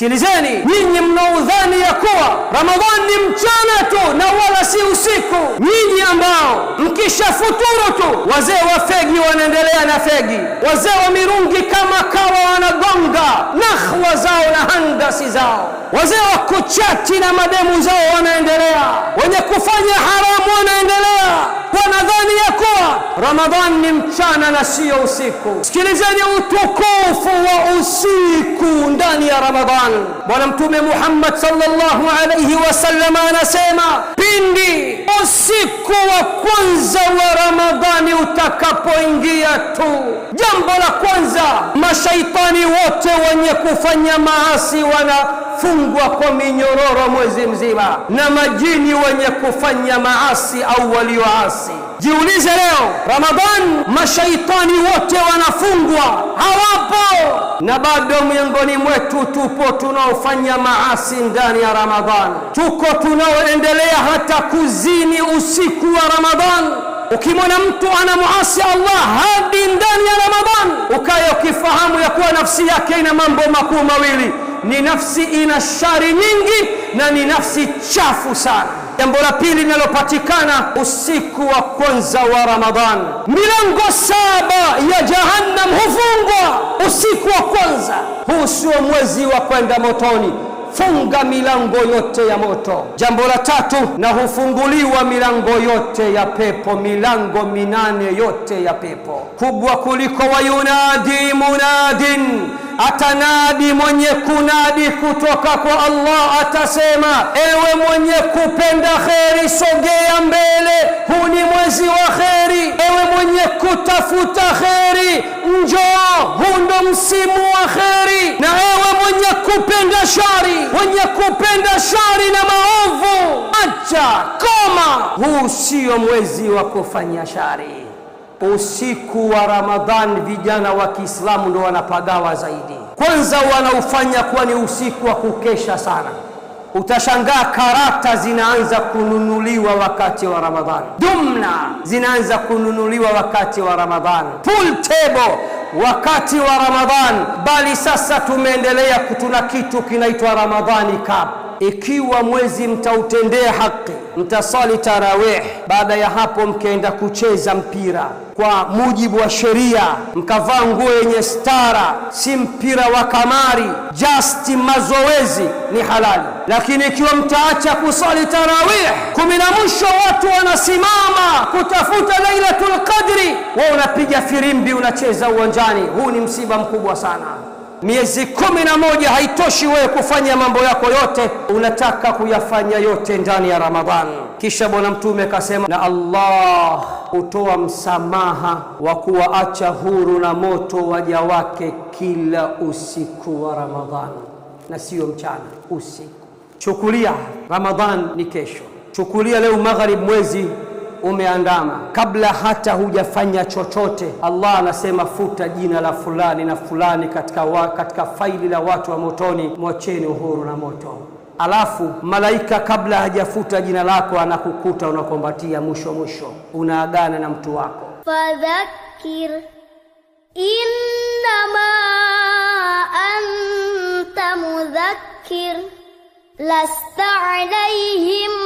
Sikilizeni nyinyi mnaodhani ya kuwa Ramadhani ni mchana tu na wala si usiku, nyinyi ambao mkishafuturu tu wazee wa fegi wanaendelea na fegi, wazee wa mirungi kama kawa wanagonga nakhwa zao na handasi zao, wazee wa kuchati na mademu zao wanaendelea, wenye kufanya haramu wanaendelea Ramadhani ni mchana na sio usiku. Sikilizeni utukufu wa usiku ndani ya ramadhan Bwana Mtume Muhammad sallallahu alayhi wasallam anasema pindi usiku wa kwanza wa Ramadhani utakapoingia tu, jambo la kwanza mashaitani wote wenye kufanya maasi wana watafungwa kwa minyororo mwezi mzima na majini wenye kufanya maasi au walioasi. Jiulize leo ramadan mashaitani wote wanafungwa, hawapo, na bado miongoni mwetu tupo tunaofanya maasi ndani ya ramadhan tuko tunaoendelea hata kuzini usiku wa ramadhan Ukimwona mtu ana muasi Allah hadi ndani ya ramadhan ukaye ukifahamu ya kuwa nafsi yake ina mambo makuu mawili ni nafsi ina shari nyingi na ni nafsi chafu sana. Jambo la pili linalopatikana usiku wa kwanza wa Ramadhani, milango saba ya jahannam hufungwa usiku wa kwanza. Huu sio mwezi wa kwenda motoni funga milango yote ya moto. Jambo la tatu, na hufunguliwa milango yote ya pepo, milango minane yote ya pepo kubwa kuliko wayunadi munadin atanadi mwenye kunadi kutoka kwa Allah, atasema: ewe mwenye kupenda kheri, sogea mbele, huu ni mwezi wa kheri. Ewe mwenye kutafuta kheri, njoo, huu ndo msimu wa kheri shari, wenye kupenda shari na maovu. Acha, koma, huu sio mwezi wa kufanya shari. Usiku wa ramadhan vijana wa Kiislamu ndo wanapagawa zaidi. Kwanza wanaufanya kuwa ni usiku wa kukesha sana. Utashangaa karata zinaanza kununuliwa wakati wa Ramadhani, dumna zinaanza kununuliwa wakati wa Ramadhani, pool table wakati wa Ramadhan, bali sasa tumeendelea kutuna kitu kinaitwa Ramadhani Cup ikiwa mwezi mtautendea haki, mtasali tarawih, baada ya hapo mkaenda kucheza mpira kwa mujibu wa sheria, mkavaa nguo yenye stara, si mpira wa kamari, just mazoezi ni halali. Lakini ikiwa mtaacha kusali tarawih kumi na mwisho watu wanasimama kutafuta Lailatul Qadri, wewe unapiga firimbi, unacheza uwanjani, huu ni msiba mkubwa sana miezi kumi na moja haitoshi wewe kufanya mambo yako yote, unataka kuyafanya yote ndani ya Ramadhan. Kisha Bwana Mtume akasema, na Allah hutoa msamaha wa kuwaacha huru na moto waja wake kila usiku wa Ramadhan, na siyo mchana, usiku. Chukulia Ramadhan ni kesho, chukulia leo magharibi mwezi umeandama kabla hata hujafanya chochote. Allah anasema futa jina la fulani na fulani katika, wa, katika faili la watu wa motoni, mwacheni uhuru na moto. Alafu malaika kabla hajafuta jina lako anakukuta unakombatia, mwisho mwisho unaagana na mtu wako. Fadhakir innama anta mudhakkir lasta alaihim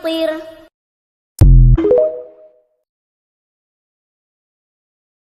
tranquila.